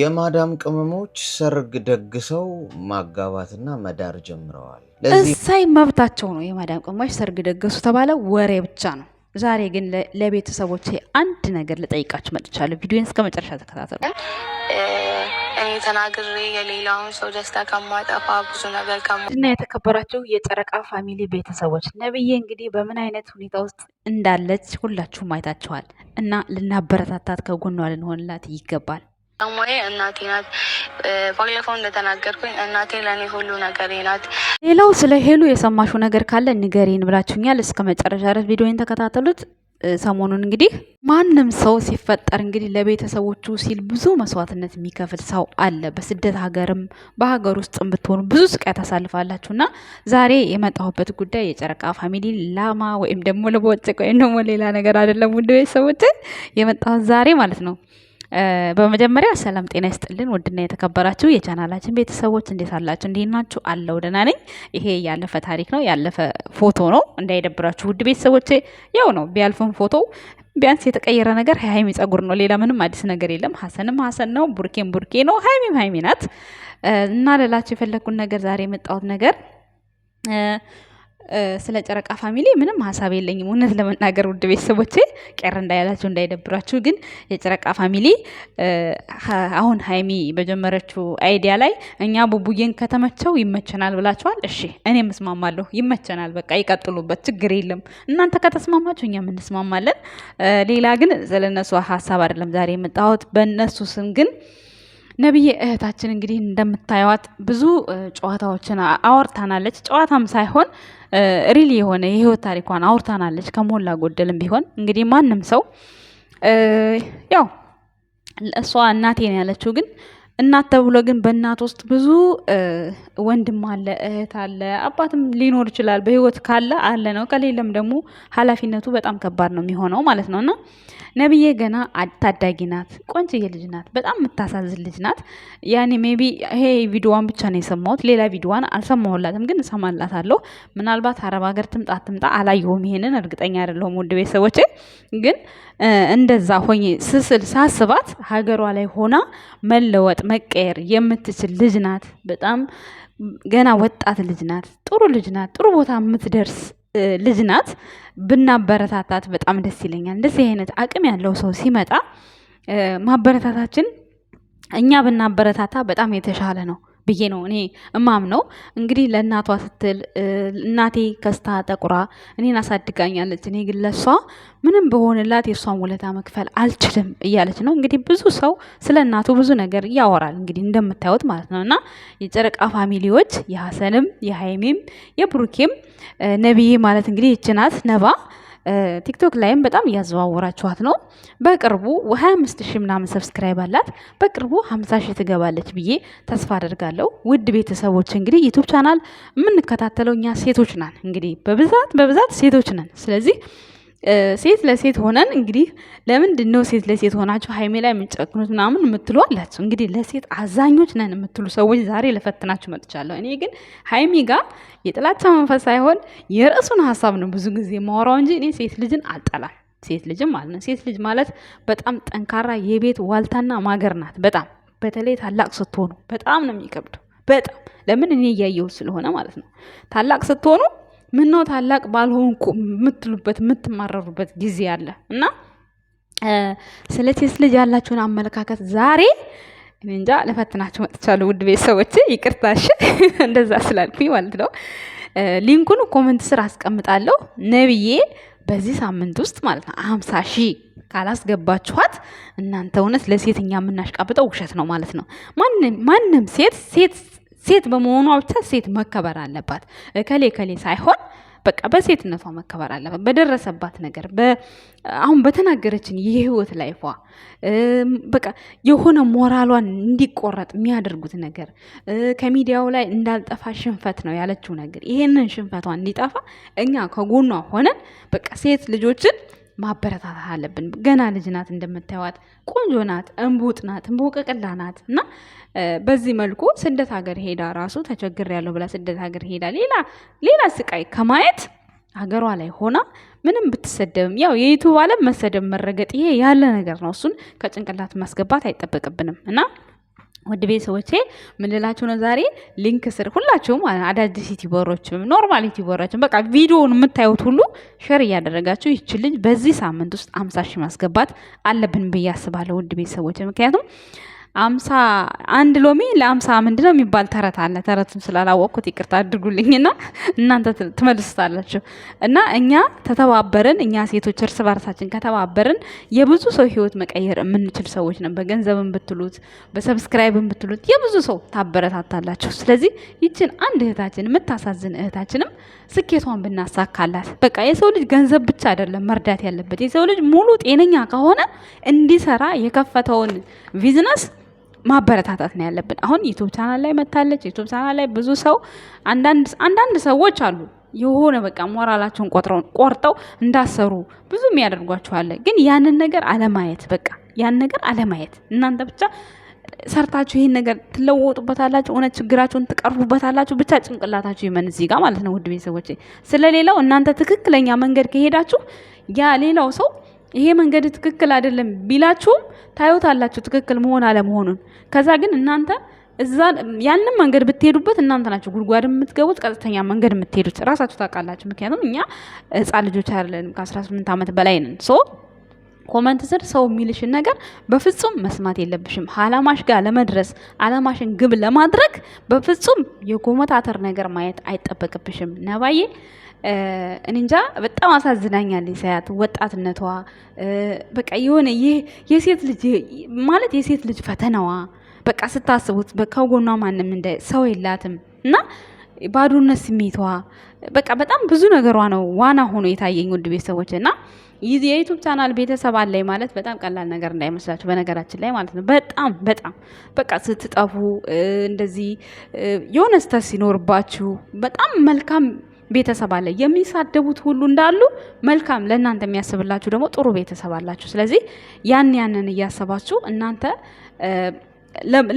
የማዳም ቅመሞች ሰርግ ደግሰው ማጋባትና መዳር ጀምረዋል። እሳይ መብታቸው ነው። የማዳም ቅመሞች ሰርግ ደገሱ ተባለ ወሬ ብቻ ነው። ዛሬ ግን ለቤተሰቦች አንድ ነገር ልጠይቃችሁ መጥቻለሁ። ቪዲዮን እስከ መጨረሻ ተከታተሉ። እኔ ተናግሬ የሌላውን ሰው ደስታ ከማጠፋ ብዙ ነገር እና የተከበራችሁ የጨረቃ ፋሚሊ ቤተሰቦች ነብዬ እንግዲህ በምን አይነት ሁኔታ ውስጥ እንዳለች ሁላችሁም አይታችኋል። እና ልናበረታታት ከጎኗ ልንሆንላት ይገባል። ሙዬ እናቴ ናት። ባለፈው እንደተናገርኩኝ እናቴ ለእኔ ሁሉ ነገሬ ናት። ሌላው ስለ ሄሉ የሰማሽው ነገር ካለ ንገሬን ብላችሁኛል። እስከ መጨረሻ ድረስ ቪዲዮን ተከታተሉት። ሰሞኑን እንግዲህ ማንም ሰው ሲፈጠር እንግዲህ ለቤተሰቦቹ ሲል ብዙ መስዋዕትነት የሚከፍል ሰው አለ። በስደት ሀገርም በሀገር ውስጥ ብትሆኑ ብዙ ስቃይ ታሳልፋላችሁ እና ዛሬ የመጣሁበት ጉዳይ የጨረቃ ፋሚሊ ላማ ወይም ደግሞ ለቦጭቅ ወይም ደግሞ ሌላ ነገር አይደለም። ውድ ቤተሰቦች የመጣሁት ዛሬ ማለት ነው በመጀመሪያ ሰላም ጤና ይስጥልን ውድና የተከበራችሁ የቻናላችን ቤተሰቦች እንዴት አላችሁ? እንዴት ናችሁ? አለው ደህና ነኝ። ይሄ ያለፈ ታሪክ ነው፣ ያለፈ ፎቶ ነው። እንዳይደብራችሁ ውድ ቤተሰቦች ያው ነው ቢያልፍም ፎቶ ቢያንስ የተቀየረ ነገር ሀይሚ ጸጉር ነው። ሌላ ምንም አዲስ ነገር የለም። ሀሰንም ሀሰን ነው፣ ቡርኬም ቡርኬ ነው፣ ሀይሚም ሀይሚ ናት እና ልላችሁ የፈለግኩን ነገር ዛሬ የመጣሁት ነገር ስለ ጨረቃ ፋሚሊ ምንም ሀሳብ የለኝም፣ እውነት ለመናገር ውድ ቤተሰቦቼ፣ ቀር እንዳያላችሁ እንዳይደብራችሁ። ግን የጨረቃ ፋሚሊ አሁን ሀይሚ በጀመረችው አይዲያ ላይ እኛ ቡቡዬን ከተመቸው ይመቸናል ብላችኋል። እሺ እኔም እስማማለሁ፣ ይመቸናል፣ በቃ ይቀጥሉበት፣ ችግር የለም። እናንተ ከተስማማችሁ እኛም እንስማማለን። ሌላ ግን ስለነሱ ሀሳብ አይደለም ዛሬ የመጣሁት በእነሱ ስም ግን ነብዬ እህታችን እንግዲህ እንደምታየዋት ብዙ ጨዋታዎችን አወርታናለች። ጨዋታም ሳይሆን ሪል የሆነ የህይወት ታሪኳን አውርታናለች። ከሞላ ጎደልም ቢሆን እንግዲህ ማንም ሰው ያው እሷ እናቴን ያለችው ግን እናት ተብሎ ግን በእናት ውስጥ ብዙ ወንድም አለ፣ እህት አለ፣ አባትም ሊኖር ይችላል። በህይወት ካለ አለ ነው። ከሌለም ደግሞ ኃላፊነቱ በጣም ከባድ ነው የሚሆነው ማለት ነው። እና ነብዬ ገና ታዳጊ ናት፣ ቆንጅዬ ልጅ ናት፣ በጣም የምታሳዝን ልጅ ናት። ያኔ ሜቢ ይሄ ቪዲዮዋን ብቻ ነው የሰማሁት፣ ሌላ ቪዲዮዋን አልሰማሁላትም፣ ግን እሰማላታለሁ። ምናልባት አረብ ሀገር ትምጣ ትምጣ፣ አላየሁም። ይሄንን እርግጠኛ አይደለሁም ውድ ቤተሰቦቼ። ግን እንደዛ ሆኜ ስስል ሳስባት ሀገሯ ላይ ሆና መለወጥ መቀየር የምትችል ልጅ ናት። በጣም ገና ወጣት ልጅ ናት። ጥሩ ልጅ ናት። ጥሩ ቦታ የምትደርስ ልጅ ናት። ብናበረታታት በጣም ደስ ይለኛል። እንደዚህ አይነት አቅም ያለው ሰው ሲመጣ ማበረታታችን እኛ ብናበረታታ በጣም የተሻለ ነው። ብዬ ነው እኔ እማም ነው እንግዲህ ለእናቷ ስትል እናቴ ከስታ ጠቁራ እኔን አሳድጋኛለች፣ እኔ ግን ለእሷ ምንም በሆንላት የእሷን ውለታ መክፈል አልችልም እያለች ነው እንግዲህ። ብዙ ሰው ስለ እናቱ ብዙ ነገር ያወራል እንግዲህ እንደምታዩት ማለት ነው። እና የጨረቃ ፋሚሊዎች የሀሰንም የሀይሜም የብሩኬም ነብዬ ማለት እንግዲህ ይችናት ነባ ቲክቶክ ላይም በጣም እያዘዋወራችኋት ነው። በቅርቡ ሀያ 25 ሺህ ምናምን ሰብስክራይብ አላት። በቅርቡ ሀምሳ ሺህ ትገባለች ብዬ ተስፋ አደርጋለሁ። ውድ ቤተሰቦች እንግዲህ ዩቱብ ቻናል የምንከታተለው እኛ ሴቶች ናን፣ እንግዲህ በብዛት በብዛት ሴቶች ነን። ስለዚህ ሴት ለሴት ሆነን እንግዲህ ለምንድን ነው ሴት ለሴት ሆናችሁ ሀይሜ ላይ የምንጨክኑት ምናምን የምትሉ አላችሁ። እንግዲህ ለሴት አዛኞች ነን የምትሉ ሰዎች ዛሬ ለፈትናችሁ መጥቻለሁ። እኔ ግን ሀይሚ ጋር የጥላቻ መንፈስ ሳይሆን የርዕሱን ሀሳብ ነው ብዙ ጊዜ ማወራው እንጂ እኔ ሴት ልጅን አልጠላም። ሴት ልጅ ማለት ነው። ሴት ልጅ ማለት በጣም ጠንካራ የቤት ዋልታና ማገር ናት። በጣም በተለይ ታላቅ ስትሆኑ በጣም ነው የሚከብደው። በጣም ለምን እኔ እያየሁት ስለሆነ ማለት ነው። ታላቅ ስትሆኑ ምነው ታላቅ ባልሆንኩ የምትሉበት የምትማረሩበት ጊዜ አለ እና ስለ ሴት ልጅ ያላችሁን አመለካከት ዛሬ እንጃ ለፈትናችሁ መጥቻለሁ። ውድ ቤተሰቦች ይቅርታ፣ እንደዛ ስላልኩኝ ማለት ነው። ሊንኩን ኮመንት ስር አስቀምጣለሁ። ነብዬ በዚህ ሳምንት ውስጥ ማለት ነው ሀምሳ ሺህ ካላስገባችኋት እናንተ እውነት ለሴትኛ የምናሽቃብጠው ውሸት ነው ማለት ነው። ማንም ሴት ሴት ሴት በመሆኗ ብቻ ሴት መከበር አለባት። እከሌ እከሌ ሳይሆን በቃ በሴትነቷ መከበር አለባት። በደረሰባት ነገር አሁን በተናገረችን የህይወት ላይፏ በቃ የሆነ ሞራሏን እንዲቆረጥ የሚያደርጉት ነገር ከሚዲያው ላይ እንዳልጠፋ ሽንፈት ነው ያለችው ነገር ይሄንን ሽንፈቷ እንዲጠፋ እኛ ከጎኗ ሆነን በቃ ሴት ልጆችን ማበረታታት አለብን። ገና ልጅ ናት፣ እንደምታዩዋት ቆንጆ ናት፣ እንቡጥ ናት፣ እንቦቀቅላ ናት እና በዚህ መልኩ ስደት ሀገር ሄዳ ራሱ ተቸግር ያለው ብላ ስደት ሀገር ሄዳ ሌላ ሌላ ስቃይ ከማየት ሀገሯ ላይ ሆና ምንም ብትሰደብም ያው የዩቱብ አለም መሰደብ መረገጥ፣ ይሄ ያለ ነገር ነው። እሱን ከጭንቅላት ማስገባት አይጠበቅብንም እና ውድ ቤተሰቦቼ ምንላችሁ ነው ዛሬ ሊንክ ስር ሁላችሁም አዳዲስ ዩቲዩበሮችም ኖርማል ዩቲዩበሮችም በቃ ቪዲዮውን የምታዩት ሁሉ ሼር እያደረጋችሁ ይች ልጅ በዚህ ሳምንት ውስጥ አምሳ ሺህ ማስገባት አለብን ብዬ አስባለሁ። ውድ ቤተሰቦቼ ምክንያቱም አምሳ አንድ ሎሚ ለአምሳ ምንድን ነው የሚባል ተረት አለ። ተረቱን ስላላወቅኩት ይቅርታ አድርጉልኝና እናንተ ትመልስታላችሁ። እና እኛ ተተባበርን፣ እኛ ሴቶች እርስ በርሳችን ከተባበርን የብዙ ሰው ህይወት መቀየር የምንችል ሰዎች ነው። በገንዘብን ብትሉት፣ በሰብስክራይብን ብትሉት የብዙ ሰው ታበረታታላችሁ። ስለዚህ ይችን አንድ እህታችን የምታሳዝን እህታችንም ስኬቷን ብናሳካላት በቃ የሰው ልጅ ገንዘብ ብቻ አይደለም መርዳት ያለበት የሰው ልጅ ሙሉ ጤነኛ ከሆነ እንዲሰራ የከፈተውን ቢዝነስ ማበረታታት ነው ያለብን። አሁን ዩቱብ ቻናል ላይ መታለች። ዩቱብ ቻናል ላይ ብዙ ሰው አንዳንድ ሰዎች አሉ የሆነ በቃ ሞራላቸውን ቆርጠው እንዳሰሩ ብዙ የሚያደርጓቸዋለ። አለ። ግን ያንን ነገር አለማየት በቃ ያን ነገር አለማየት እናንተ ብቻ ሰርታችሁ ይህን ነገር ትለወጡበታላችሁ፣ እውነት ችግራችሁን ትቀርቡበታላችሁ። ብቻ ጭንቅላታችሁ ይመን እዚህ ጋር ማለት ነው። ውድ ቤተሰቦች ስለሌላው እናንተ ትክክለኛ መንገድ ከሄዳችሁ ያ ሌላው ሰው ይሄ መንገድ ትክክል አይደለም ቢላችሁም ታዩታላችሁ ትክክል መሆን አለመሆኑን። ከዛ ግን እናንተ እዛ ያንን መንገድ ብትሄዱበት እናንተ ናችሁ ጉድጓድ የምትገቡት፣ ቀጥተኛ መንገድ የምትሄዱት ራሳችሁ ታውቃላችሁ። ምክንያቱም እኛ ህፃ ልጆች አይደለንም፣ ከ18 ዓመት በላይ ነን። ሶ ኮመንት ስር ሰው የሚልሽን ነገር በፍጹም መስማት የለብሽም። አላማሽ ጋር ለመድረስ አላማሽን ግብ ለማድረግ በፍጹም አተር ነገር ማየት አይጠበቅብሽም ነባዬ እንጃ በጣም አሳዝናኛለች። ሳያት ወጣትነቷ በቃ የሆነ ይህ የሴት ልጅ ማለት የሴት ልጅ ፈተናዋ በቃ ስታስቡት ከጎኗ ማንም እንደ ሰው የላትም እና ባዶነት ስሜቷ በቃ በጣም ብዙ ነገሯ ነው ዋና ሆኖ የታየኝ። ውድ ቤተሰቦች እና የዩቱብ ቻናል ቤተሰብ አለኝ ማለት በጣም ቀላል ነገር እንዳይመስላችሁ በነገራችን ላይ ማለት ነው። በጣም በጣም በቃ ስትጠፉ እንደዚህ የሆነ ስተት ሲኖርባችሁ በጣም መልካም ቤተሰብ አለ። የሚሳደቡት ሁሉ እንዳሉ መልካም ለእናንተ የሚያስብላችሁ ደግሞ ጥሩ ቤተሰብ አላችሁ። ስለዚህ ያን ያንን እያሰባችሁ እናንተ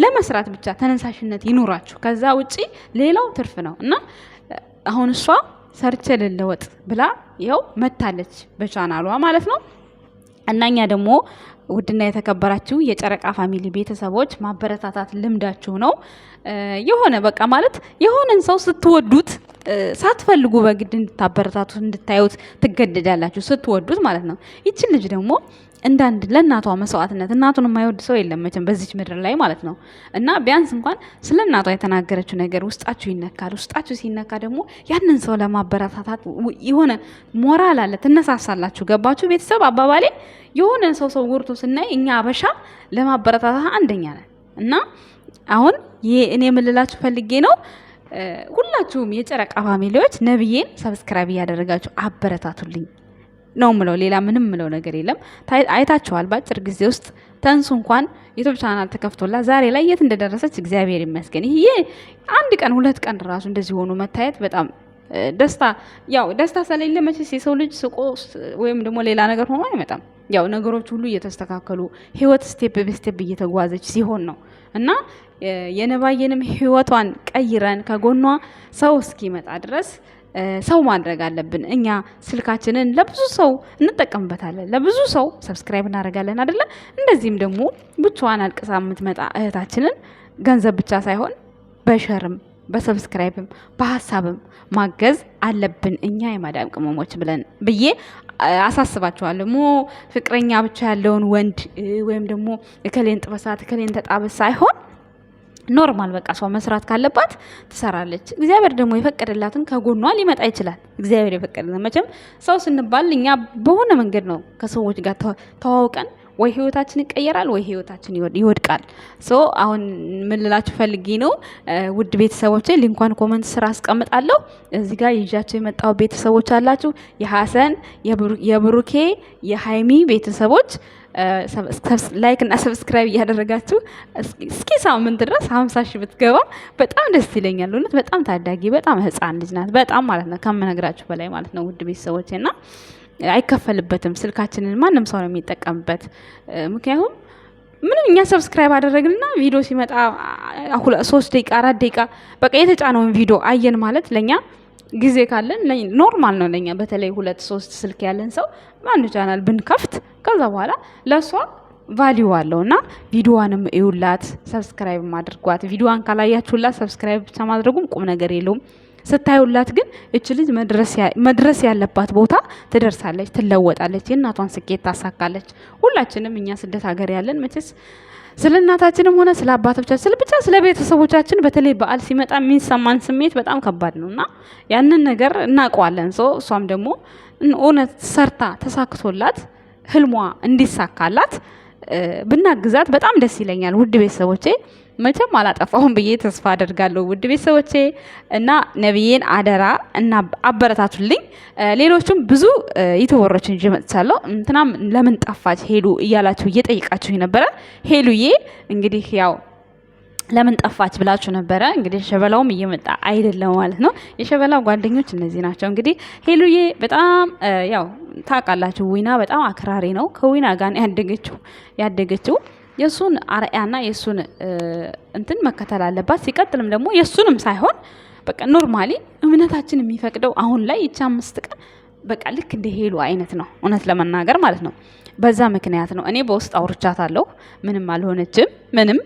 ለመስራት ብቻ ተነሳሽነት ይኑራችሁ። ከዛ ውጪ ሌላው ትርፍ ነው እና አሁን እሷ ሰርቼ ልለወጥ ብላ ይኸው መታለች በቻናሏ ማለት ነው። እና እኛ ደግሞ ውድና የተከበራችሁ የጨረቃ ፋሚሊ ቤተሰቦች ማበረታታት ልምዳችሁ ነው። የሆነ በቃ ማለት የሆነን ሰው ስትወዱት ሳትፈልጉ በግድ እንድታበረታቱት እንድታዩት ትገደዳላችሁ፣ ስትወዱት ማለት ነው። ይችን ልጅ ደግሞ እንዳንድ ለእናቷ መስዋዕትነት እናቱን የማይወድ ሰው የለም መቼም በዚች ምድር ላይ ማለት ነው። እና ቢያንስ እንኳን ስለ እናቷ የተናገረችው ነገር ውስጣችሁ ይነካል። ውስጣችሁ ሲነካ ደግሞ ያንን ሰው ለማበረታታት የሆነ ሞራል አለ፣ ትነሳሳላችሁ። ገባችሁ? ቤተሰብ አባባሌ የሆነ ሰው ሰው ጎርቶ ስናይ እኛ አበሻ ለማበረታታት አንደኛ ነን እና አሁን ይሄ እኔ የምልላችሁ ፈልጌ ነው። ሁላችሁም የጨረቃ ፋሚሊዎች ነብዬን ሰብስክራይብ እያደረጋችሁ አበረታቱልኝ ነው ምለው። ሌላ ምንም ምለው ነገር የለም። አይታችኋል፣ በአጭር ጊዜ ውስጥ ተንሱ እንኳን ዩቱብ ቻናል ተከፍቶላ ዛሬ ላይ የት እንደደረሰች እግዚአብሔር ይመስገን። ይሄ አንድ ቀን ሁለት ቀን ራሱ እንደዚህ ሆኖ መታየት በጣም ደስታ ያው ደስታ ስለሌለ መቼስ የሰው ልጅ ስቆ ወይም ደግሞ ሌላ ነገር ሆኖ አይመጣም። ያው ነገሮች ሁሉ እየተስተካከሉ ህይወት ስቴፕ በስቴፕ እየተጓዘች ሲሆን ነው እና የነባየንም ህይወቷን ቀይረን ከጎኗ ሰው እስኪመጣ ድረስ ሰው ማድረግ አለብን። እኛ ስልካችንን ለብዙ ሰው እንጠቀምበታለን፣ ለብዙ ሰው ሰብስክራይብ እናደርጋለን አይደለ? እንደዚህም ደግሞ ብቻዋን አልቅሳ የምትመጣ እህታችንን ገንዘብ ብቻ ሳይሆን በሸርም በሰብስክራይብም በሀሳብም ማገዝ አለብን እኛ የማዳም ቅመሞች ብለን ብዬ አሳስባችኋለሁ። ሞ ፍቅረኛ ብቻ ያለውን ወንድ ወይም ደግሞ እከሌን ጥበሳት እከሌን ተጣበስ ሳይሆን ኖርማል በቃ ሰው መስራት ካለባት ትሰራለች። እግዚአብሔር ደግሞ የፈቀደላትን ከጎኗ ሊመጣ ይችላል። እግዚአብሔር የፈቀደ መቼም ሰው ስንባል እኛ በሆነ መንገድ ነው ከሰዎች ጋር ተዋውቀን ወይ ህይወታችን ይቀየራል ወይ ህይወታችን ይወድቃል። ሶ አሁን ምንላችሁ ፈልጊ ነው ውድ ቤተሰቦች፣ ሊንኳን ኮመንት ስራ አስቀምጣለሁ እዚህ ጋር ይዣቸው የመጣው ቤተሰቦች አላችሁ የሀሰን የብሩኬ የሀይሚ ቤተሰቦች ላይክ እና ሰብስክራይብ እያደረጋችሁ እስኪ ሳምንት ድረስ ሀምሳ ሺህ ብትገባ በጣም ደስ ይለኛል። እውነት በጣም ታዳጊ በጣም ህፃን ልጅ ናት። በጣም ማለት ነው ከምነግራችሁ በላይ ማለት ነው ውድ ቤተሰቦች እና አይከፈልበትም። ስልካችንን ማንም ሰው ነው የሚጠቀምበት። ምክንያቱም ምንም እኛ ሰብስክራይብ አደረግንና ቪዲዮ ሲመጣ ሶስት ደቂቃ አራት ደቂቃ በቃ የተጫነውን ቪዲዮ አየን ማለት ለእኛ ጊዜ ካለን ኖርማል ነው ለኛ። በተለይ ሁለት ሶስት ስልክ ያለን ሰው አንድ ቻናል ብንከፍት ከዛ በኋላ ለእሷ ቫሊዩ አለው እና ቪዲዮዋንም እዩላት፣ ሰብስክራይብ ማድርጓት። ቪዲዮዋን ካላያችሁላት ሰብስክራይብ ብቻ ማድረጉም ቁም ነገር የለውም። ስታዩላት ግን እች ልጅ መድረስ ያለባት ቦታ ትደርሳለች፣ ትለወጣለች፣ የእናቷን ስኬት ታሳካለች። ሁላችንም እኛ ስደት ሀገር ያለን መቼስ ስለ እናታችንም ሆነ ስለ አባቶቻችን ብቻ ስለ ቤተሰቦቻችን በተለይ በዓል ሲመጣ የሚሰማን ስሜት በጣም ከባድ ነው እና ያንን ነገር እናውቀዋለን። ሰው እሷም ደግሞ እውነት ሰርታ ተሳክቶላት ህልሟ እንዲሳካላት ብናግዛት በጣም ደስ ይለኛል። ውድ ቤተሰቦቼ መቼም አላጠፋሁም ብዬ ተስፋ አደርጋለሁ። ውድ ቤተሰቦቼ እና ነብዬን አደራ እና አበረታቱልኝ። ሌሎቹም ብዙ የተወረች እንጂ መጥቻለሁ። እንትናም ለምን ጠፋች ሄሉ እያላችሁ እየጠይቃችሁ ነበረ። ሄሉዬ እንግዲህ ያው ለምን ጠፋች ብላችሁ ነበረ። እንግዲህ የሸበላውም እየመጣ አይደለም ማለት ነው። የሸበላው ጓደኞች እነዚህ ናቸው። እንግዲህ ሄሉዬ በጣም ያው ታውቃላችሁ፣ ዊና በጣም አክራሪ ነው። ከዊና ጋር ያደገችው ያደገችው የእሱን አርአያና የእሱን እንትን መከተል አለባት። ሲቀጥልም ደግሞ የእሱንም ሳይሆን በቃ ኖርማሊ እምነታችን የሚፈቅደው አሁን ላይ ይቺ አምስት ቀን በቃ ልክ እንደ ሄሉ አይነት ነው፣ እውነት ለመናገር ማለት ነው። በዛ ምክንያት ነው እኔ በውስጥ አውርቻታለሁ። ምንም አልሆነችም፣ ምንም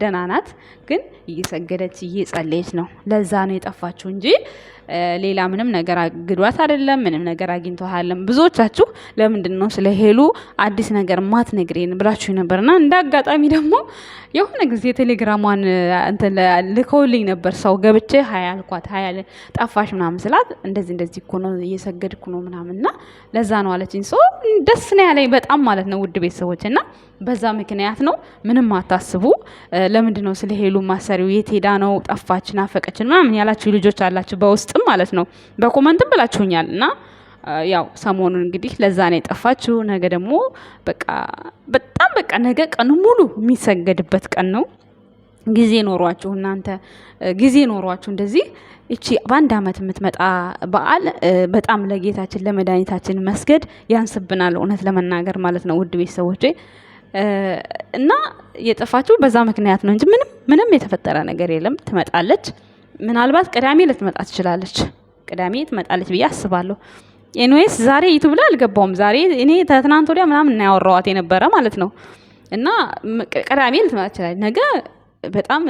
ደህና ናት። ግን እየሰገደች እየጸለየች ነው። ለዛ ነው የጠፋችው እንጂ ሌላ ምንም ነገር አግዷት አይደለም፣ ምንም ነገር አግኝተሃለም። ብዙዎቻችሁ ለምንድን ነው ስለ ሄሉ አዲስ ነገር ማት ነግሬን ብላችሁ ነበርና እንደ አጋጣሚ ደግሞ የሆነ ጊዜ ቴሌግራሟን ልከውልኝ ነበር። ሰው ገብቼ ሀያልኳት አልኳት፣ ሀያ ጠፋሽ ምናምን ስላት እንደዚህ እንደዚህ እኮ ነው እየሰገድኩ ነው ምናምንና ለዛ ነው አለችኝ። ሰው ደስ ነው ያለኝ በጣም ማለት ነው ውድ ቤተሰቦች እና በዛ ምክንያት ነው። ምንም አታስቡ። ለምንድን ነው ስለ ሄሉ ማሰሪው የት ሄዳ ነው ጠፋችን፣ አፈቀችን ምናምን ያላችሁ ልጆች አላችሁ በውስጥ ማለት ነው። በኮመንትም ብላችሁኛል እና ያው ሰሞኑን እንግዲህ ለዛ ነው የጠፋችሁ። ነገ ደግሞ በቃ በጣም በቃ ነገ ቀኑ ሙሉ የሚሰገድበት ቀን ነው። ጊዜ ኖሯችሁ እናንተ ጊዜ ኖሯችሁ እንደዚህ እቺ በአንድ አመት የምትመጣ በዓል በጣም ለጌታችን ለመድኃኒታችን መስገድ ያንስብናል፣ እውነት ለመናገር ማለት ነው ውድ ቤተሰቦቼ እና የጠፋችሁ በዛ ምክንያት ነው እንጂ ምንም ምንም የተፈጠረ ነገር የለም። ትመጣለች ምናልባት ቅዳሜ ልትመጣ ትችላለች። ቅዳሜ ትመጣለች ብዬ አስባለሁ። ኤንዌስ ዛሬ ዩቱብ ላይ አልገባውም። ዛሬ እኔ ተትናንት ወዲያ ምናምን እናያወራዋት የነበረ ማለት ነው። እና ቅዳሜ ልትመጣ ትችላለች። ነገ በጣም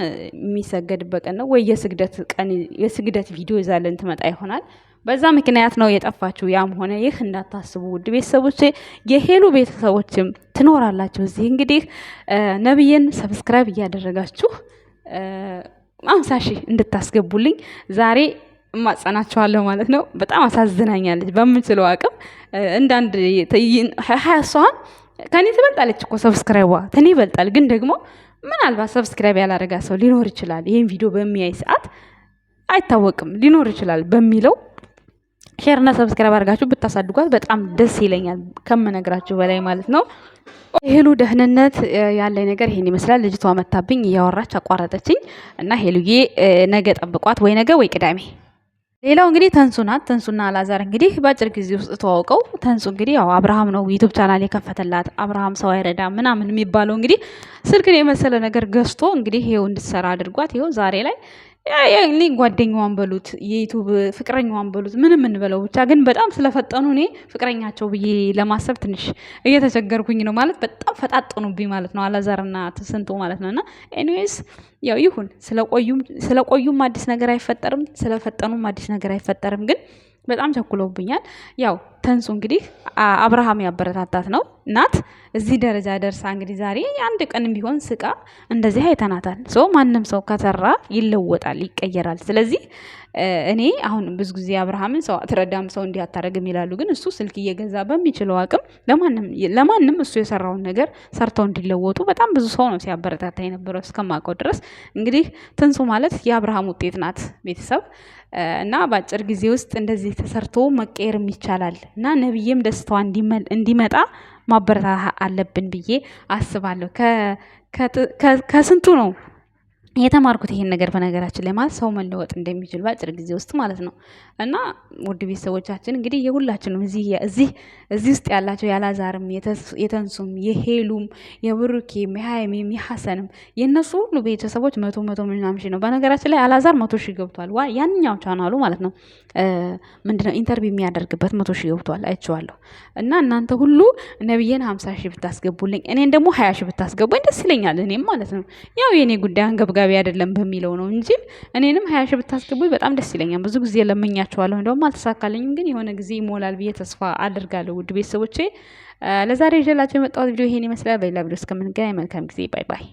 የሚሰገድበት ቀን ነው ወይ የስግደት ቀን የስግደት ቪዲዮ ይዛለን ትመጣ ይሆናል። በዛ ምክንያት ነው የጠፋችሁ። ያም ሆነ ይህ እንዳታስቡ ውድ ቤተሰቦች፣ የሄሉ ቤተሰቦችም ትኖራላችሁ እዚህ። እንግዲህ ነብይን ሰብስክራይብ እያደረጋችሁ አምሳ ሺህ እንድታስገቡልኝ ዛሬ እማጸናቸዋለሁ ማለት ነው። በጣም አሳዝናኛለች። በምችለው አቅም እንዳንድ ሀያ ከኔ ትበልጣለች እኮ ሰብስክራይቧ ከኔ ይበልጣል። ግን ደግሞ ምናልባት ሰብስክራይብ ያላረጋ ሰው ሊኖር ይችላል። ይህን ቪዲዮ በሚያይ ሰዓት አይታወቅም ሊኖር ይችላል በሚለው ሼርና ሰብስክራይብ አድርጋችሁ ብታሳድጓት በጣም ደስ ይለኛል፣ ከምነግራችሁ በላይ ማለት ነው። ሄሉ ደህንነት ያለኝ ነገር ይሄን ይመስላል። ልጅቷ መታብኝ እያወራች አቋረጠችኝ እና ሄሉዬ ነገ ጠብቋት፣ ወይ ነገ ወይ ቅዳሜ። ሌላው እንግዲህ ተንሱ ናት። ተንሱና አላዛር እንግዲህ በአጭር ጊዜ ውስጥ ተዋውቀው፣ ተንሱ እንግዲህ ያው አብርሃም ነው ዩቱብ ቻናል የከፈተላት አብርሃም ሰው አይረዳ ምናምን የሚባለው እንግዲህ ስልክን የመሰለ ነገር ገዝቶ እንግዲህ ይሄው እንድትሰራ አድርጓት ይሄው ዛሬ ላይ ያኔ ጓደኛዋን በሉት የዩቱብ ፍቅረኛዋን በሉት ምንም እንበለው ብቻ ግን በጣም ስለፈጠኑ እኔ ፍቅረኛቸው ብዬ ለማሰብ ትንሽ እየተቸገርኩኝ ነው። ማለት በጣም ፈጣጠኑብኝ ማለት ነው። አላዛርና ትስንቶ ማለት ነው። እና ኤኒዌይስ ያው ይሁን። ስለቆዩም አዲስ ነገር አይፈጠርም፣ ስለፈጠኑም አዲስ ነገር አይፈጠርም። ግን በጣም ቸኩለውብኛል ያው ተንሱ እንግዲህ አብርሃም ያበረታታት ነው ናት እዚህ ደረጃ ደርሳ እንግዲህ ዛሬ አንድ ቀን ቢሆን ስቃ እንደዚህ አይተናታል። ሰው ማንም ሰው ከሰራ ይለወጣል፣ ይቀየራል። ስለዚህ እኔ አሁን ብዙ ጊዜ አብርሃምን ሰው አትረዳም፣ ሰው እንዲህ አታረግም ይላሉ። ግን እሱ ስልክ እየገዛ በሚችለው አቅም ለማንም እሱ የሰራውን ነገር ሰርተው እንዲለወጡ በጣም ብዙ ሰው ነው ሲያበረታታ የነበረው እስከማውቀው ድረስ። እንግዲህ ትንሱ ማለት የአብርሃም ውጤት ናት ቤተሰብ እና በአጭር ጊዜ ውስጥ እንደዚህ ተሰርቶ መቀየርም ይቻላል። እና ነብዬም ደስታዋ እንዲመጣ ማበረታታ አለብን ብዬ አስባለሁ። ከስንቱ ነው የተማርኩት ይሄን ነገር በነገራችን ላይ ማለት ሰው መለወጥ እንደሚችል በአጭር ጊዜ ውስጥ ማለት ነው። እና ውድ ቤተሰቦቻችን እንግዲህ የሁላችንም እዚህ እዚህ እዚህ ውስጥ ያላቸው ያላዛርም፣ የተንሱም፣ የሄሉም፣ የብሩኬም፣ የሀይሜም፣ የሀሰንም የእነሱ ሁሉ ቤተሰቦች መቶ መቶ ምናምን ሺህ ነው። በነገራችን ላይ አላዛር መቶ ሺህ ገብቷል። ዋ ያንኛው ቻናሉ ማለት ነው ምንድነው ኢንተርቪው የሚያደርግበት መቶ ሺህ ገብቷል፣ አይቼዋለሁ። እና እናንተ ሁሉ ነብዬን ሀምሳ ሺህ ብታስገቡልኝ እኔን ደግሞ ሀያ ሺህ ብታስገቡኝ ደስ ይለኛል። እኔም ማለት ነው ያው የእኔ ጉዳይ አንገብጋ ገቢ አይደለም በሚለው ነው እንጂ እኔንም ሀያ ሺህ ብታስገቡኝ በጣም ደስ ይለኛል። ብዙ ጊዜ ለመኛቸዋለሁ እንደውም አልተሳካልኝም፣ ግን የሆነ ጊዜ ይሞላል ብዬ ተስፋ አድርጋለሁ። ውድ ቤተሰቦቼ ለዛሬ ይዤላቸው የመጣሁት ቪዲዮ ይሄን ይመስላል። በሌላ ቪዲዮ እስከምንገናኝ መልካም ጊዜ። ባይ ባይ።